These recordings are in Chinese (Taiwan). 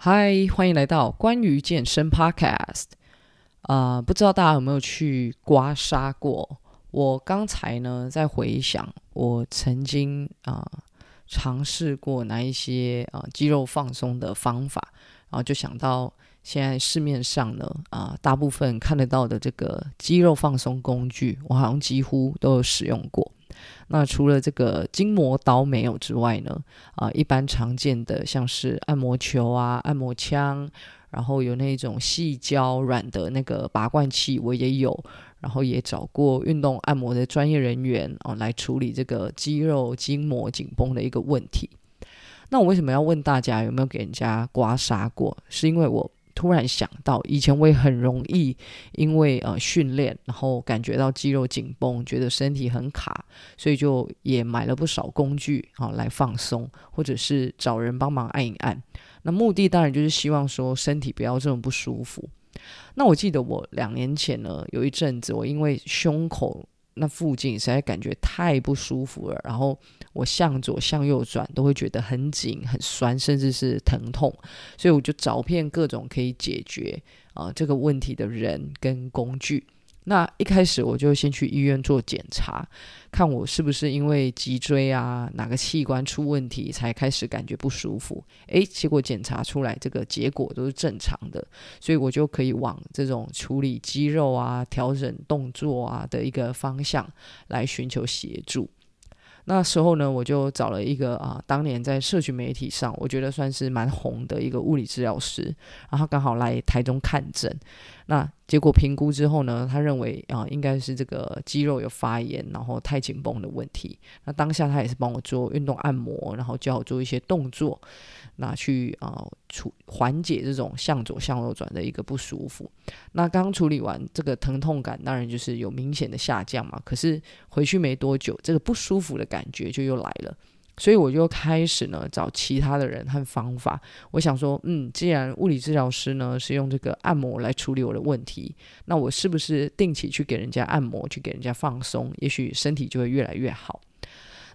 嗨，Hi, 歡迎來到關於健身 Podcast。啊、呃，不知道大家有沒有去刮痧過？我剛才呢，在回想我曾經啊、呃、嘗試過哪一些啊、呃、肌肉放鬆的方法，然後就想到現在市面上呢啊、呃、大部分看得到的這個肌肉放鬆工具，我好像幾乎都有使用過。那除了這個筋膜刀沒有之外呢，啊，一般常見的像是按摩球啊、按摩槍，然後有那種矽膠軟的那個拔罐器，我也有，然後也找過運動按摩的專業人員哦、啊、來處理這個肌肉筋膜緊繃的一個問題。那我為什麼要問大家有沒有給人家刮痧過？是因為我。突然想到，以前我也很容易因為呃訓練，然後感覺到肌肉緊繃，覺得身體很卡，所以就也買了不少工具啊來放鬆，或者是找人幫忙按一按。那目的當然就是希望說身體不要這麼不舒服。那我記得我兩年前呢，有一陣子我因為胸口。那附近實在感覺太不舒服了，然後我向左向右轉都會覺得很緊、很痠，甚至是疼痛，所以我就找遍各種可以解決啊、呃、這個問題的人跟工具。那一開始我就先去醫院做檢查，看我是不是因為脊椎啊、哪個器官出問題才開始感覺不舒服。誒，結果檢查出來這個結果都是正常的，所以我就可以往這種處理肌肉啊、調整動作啊的一個方向來尋求協助。那時候呢，我就找了一個啊，當年在社群媒體上我覺得算是蠻紅的一個物理治療師，然後剛好來台中看診。那結果評估之後呢，他認為啊、呃，應該是這個肌肉有發炎，然後太緊繃的問題。那當下他也是幫我做運動按摩，然後教我做一些動作，那去啊、呃，處緩解這種向左向右轉的一個不舒服。那剛處理完這個疼痛感，當然就是有明顯的下降嘛。可是回去沒多久，這個不舒服的感覺就又來了。所以我就開始呢找其他的人和方法。我想說，嗯，既然物理治療師呢是用這個按摩來處理我的問題，那我是不是定期去給人家按摩，去給人家放鬆，也許身體就會越來越好。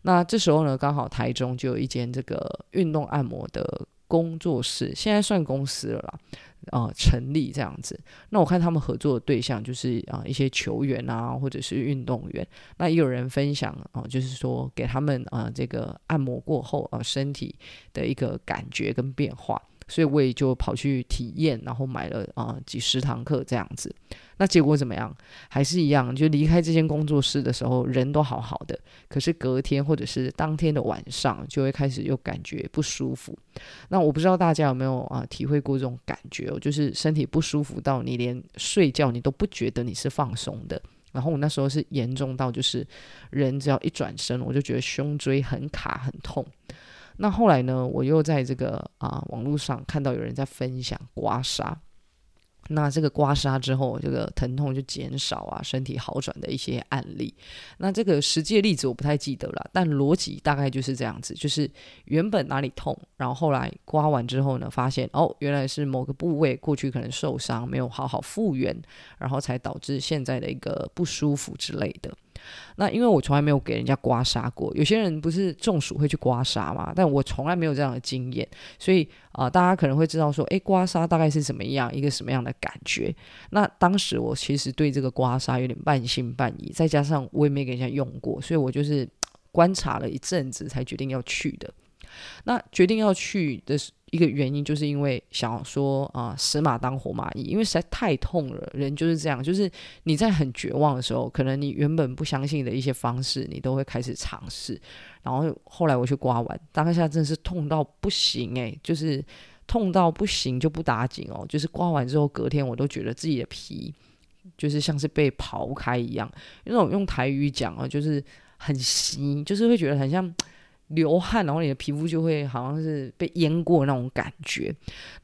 那這時候呢，剛好台中就有一間這個運動按摩的工作室，現在算公司了啦。啊、呃，成立這樣子，那我看他們合作的對象就是啊、呃，一些球員啊，或者是運動員，那也有人分享啊、呃，就是說給他們啊、呃，這個按摩過後啊、呃，身體的一個感覺跟變化。所以我也就跑去體驗，然後買了啊、呃、幾十堂課這樣子。那結果怎麼樣？還是一樣，就離開這間工作室的時候，人都好好的。可是隔天或者是當天的晚上，就會開始又感覺不舒服。那我不知道大家有沒有啊、呃、體會過這種感覺哦？就是身體不舒服到你連睡覺你都不覺得你是放鬆的。然後我那時候是嚴重到就是人只要一轉身，我就覺得胸椎很卡很痛。那後來呢，我又在這個啊網絡上看到有人在分享刮痧，那這個刮痧之後，這個疼痛就減少啊，身體好轉的一些案例。那這個實際的例子我不太記得了，但邏輯大概就是這樣子，就是原本哪裡痛，然後後來刮完之後呢，發現哦，原來是某個部位過去可能受傷，沒有好好復原，然後才導致現在的一個不舒服之類的。那因為我從來沒有給人家刮痧過，有些人不是中暑會去刮痧嘛，但我從來沒有這樣的經驗，所以啊、呃，大家可能會知道說，誒，刮痧大概是怎麼樣，一個什麼樣的感覺。那當時我其實對這個刮痧有點半信半疑，再加上我也沒給人家用過，所以我就是觀察了一陣子才決定要去的。那決定要去的是。一個原因就是因為想說啊，死馬當活馬醫，因為實在太痛了。人就是這樣，就是你在很絕望的時候，可能你原本不相信的一些方式，你都會開始嘗試。然後後來我去刮完，當下真的是痛到不行誒、欸，就是痛到不行就不打緊哦。就是刮完之後隔天，我都覺得自己的皮就是像是被刨開一樣，那種用台語講啊、哦，就是很新，就是會覺得很像。流汗，然後你的皮膚就會好像是被淹過那種感覺。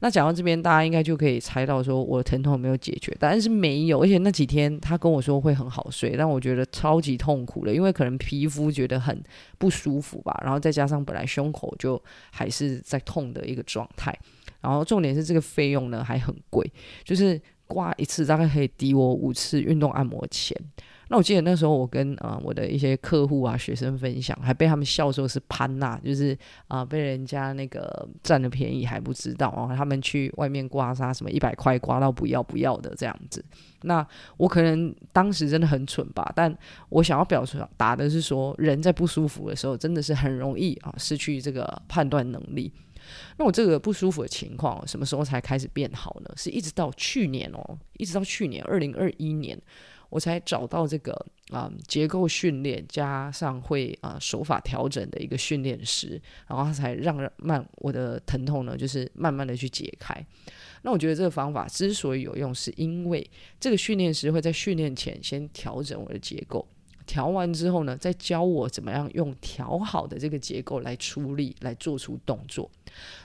那講到這邊，大家應該就可以猜到，說我的疼痛有沒有解決，答案是沒有。而且那幾天他跟我說會很好睡，但我覺得超級痛苦的，因為可能皮膚覺得很不舒服吧，然後再加上本來胸口就還是在痛的一個狀態，然後重點是這個費用呢還很貴，就是掛一次大概可以抵我五次運動按摩錢。那我記得那時候我跟啊、呃、我的一些客戶啊學生分享，還被他們笑說是潘娜，就是啊、呃、被人家那個占了便宜還不知道、哦，然後他們去外面刮痧，什麼一百塊刮到不要不要的這樣子。那我可能當時真的很蠢吧，但我想要表達打的是說人在不舒服的時候真的是很容易啊失去這個判斷能力。那我這個不舒服的情況什麼時候才開始變好呢？是一直到去年哦，一直到去年二零二一年。我才找到這個啊、嗯、結構訓練，加上會啊、呃、手法調整的一個訓練師，然後他才讓慢我的疼痛呢，就是慢慢的去解開。那我覺得這個方法之所以有用，是因為這個訓練師會在訓練前先調整我的結構。調完之後呢，再教我怎麼樣用調好的這個結構來出力，來做出動作。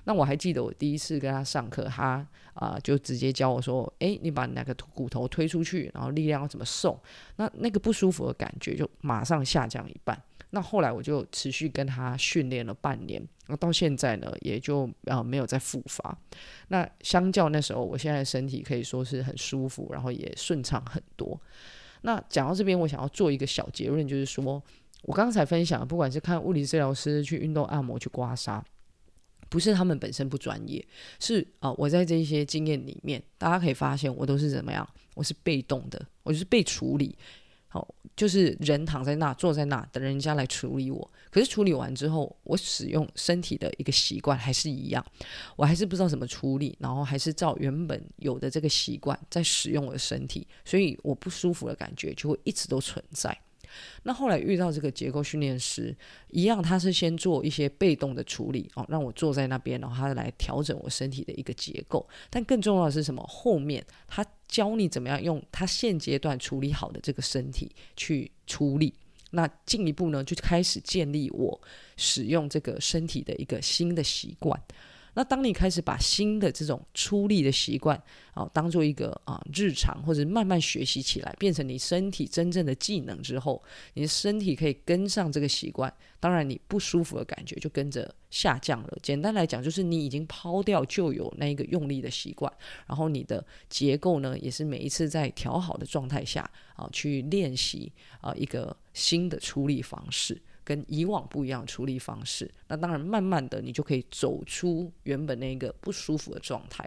那我還記得我第一次跟他上課，他啊、呃、就直接教我說：“哎、欸，你把你那個骨頭推出去，然後力量要怎麼送？”那那個不舒服的感覺就馬上下降一半。那後來我就持續跟他訓練了半年，那到現在呢，也就啊、呃、沒有再復發。那相較那時候，我現在身體可以說是很舒服，然後也順暢很多。那講到這邊，我想要做一個小結論，就是說，我剛才分享的，不管是看物理治療師、去運動按摩、去刮痧，不是他們本身不專業，是啊，我在這些經驗裡面，大家可以發現我都是怎麼樣？我是被動的，我就是被處理。好，就是人躺在那，坐在那，等人家來處理我。可是處理完之後，我使用身體的一個習慣還是一樣，我還是不知道怎麼處理，然後還是照原本有的這個習慣在使用我的身體，所以我不舒服的感覺就會一直都存在。那後來遇到這個結構訓練師，一樣，他是先做一些被動的處理哦，讓我坐在那邊，然後他來調整我身體的一個結構。但更重要的是什麼？後面他教你怎麼樣用他現階段處理好的這個身體去處理。那進一步呢，就開始建立我使用這個身體的一個新的習慣。那當你開始把新的這種出力的習慣啊當做一個啊日常，或者是慢慢學習起來，變成你身體真正的技能之後，你的身體可以跟上這個習慣。當然，你不舒服的感覺就跟着下降了。簡單來講，就是你已經拋掉舊有那一個用力的習慣，然後你的結構呢，也是每一次在調好的狀態下啊去練習啊一個新的出力方式。跟以往不一樣的處理方式，那當然，慢慢的你就可以走出原本那個不舒服的狀態。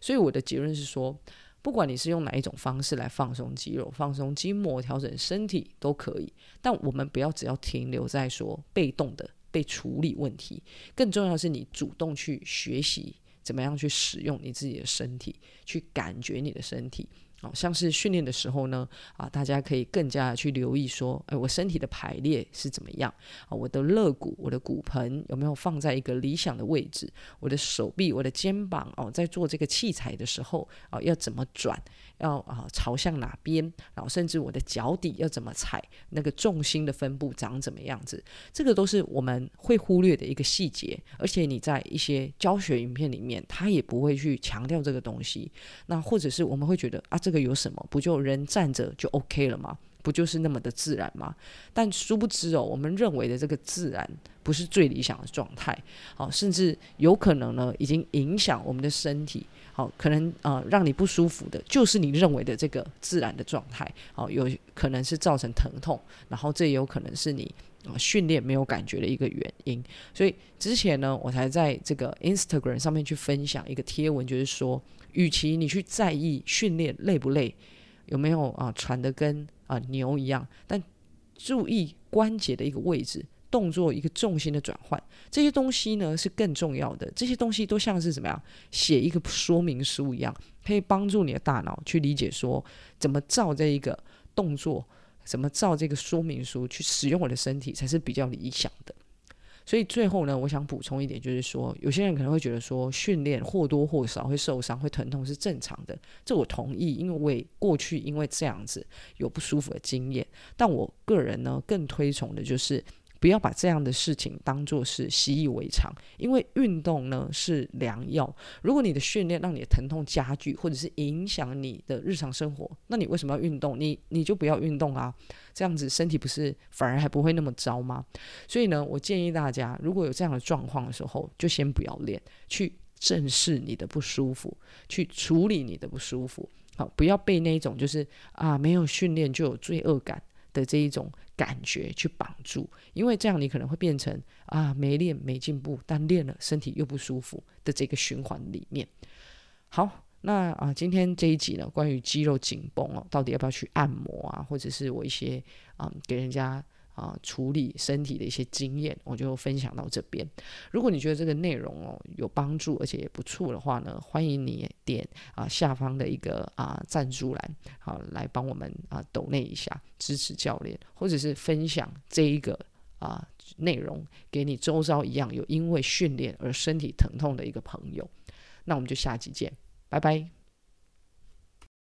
所以我的結論是說，不管你是用哪一種方式來放鬆肌肉、放鬆筋膜、調整身體都可以，但我們不要只要停留在說被動的被處理問題，更重要是你主動去學習怎麼樣去使用你自己的身體，去感覺你的身體。哦，像是訓練的時候呢，啊，大家可以更加去留意說，誒、欸，我身體的排列是怎麼樣？啊，我的肋骨、我的骨盆有沒有放在一個理想的位置？我的手臂、我的肩膀哦、啊，在做這個器材的時候，啊，要怎麼轉？要啊，朝向哪邊？然後，啊，甚至我的腳底要怎麼踩？那個重心的分布長怎麼樣子？這個都是我們會忽略的一個細節，而且你在一些教學影片裡面，他也不會去強調這個東西。那或者是我們會覺得啊。這個有什麼？不就人站着就 OK 了嗎？不就是那麼的自然嗎？但殊不知哦，我們認為的這個自然不是最理想的狀態。好、啊，甚至有可能呢，已經影響我們的身體。好、啊，可能啊、呃、讓你不舒服的，就是你認為的這個自然的狀態。好、啊，有可能是造成疼痛，然後這也有可能是你。啊、呃，訓練沒有感覺的一個原因，所以之前呢，我才在這個 Instagram 上面去分享一個貼文，就是說，與其你去在意訓練累不累，有沒有啊喘得跟啊、呃、牛一樣，但注意關節的一個位置、動作一個重心的轉換，這些東西呢是更重要的。這些東西都像是怎麼樣寫一個說明書一樣，可以幫助你的大腦去理解說怎麼照這一個動作。怎麼照這個說明書去使用我的身體，才是比較理想的？所以最後呢，我想補充一點，就是說，有些人可能會覺得說，訓練或多或少會受傷、會疼痛是正常的，這我同意，因為我也過去因為這樣子有不舒服的經驗。但我個人呢，更推崇的就是，不要把這樣的事情當作是習以為常，因為運動呢是良藥。如果你的訓練讓你的疼痛加劇，或者是影響你的日常生活，那你為什麼要運動？你你就不要運動啊！這樣子身體不是反而還不會那麼糟嗎？所以呢，我建議大家，如果有這樣的狀況的時候，就先不要練，去正視你的不舒服，去處理你的不舒服。好，不要被那一種就是，啊，沒有訓練就有罪惡感的這一種。感覺去綁住，因為這樣你可能會變成啊沒練沒進步，但練了身體又不舒服的這個循環裡面。好，那啊今天這一集呢，關於肌肉緊繃哦，到底要不要去按摩啊，或者是我一些啊、嗯、給人家。啊，處理身體的一些經驗，我就分享到這邊。如果你覺得這個內容哦有幫助，而且也不錯的話呢，歡迎你點啊下方的一個啊贊助欄，好來幫我們啊抖內一下，支持教練，或者是分享這一個啊內容給你周遭一樣有因為訓練而身體疼痛的一個朋友。那我們就下期見，拜拜。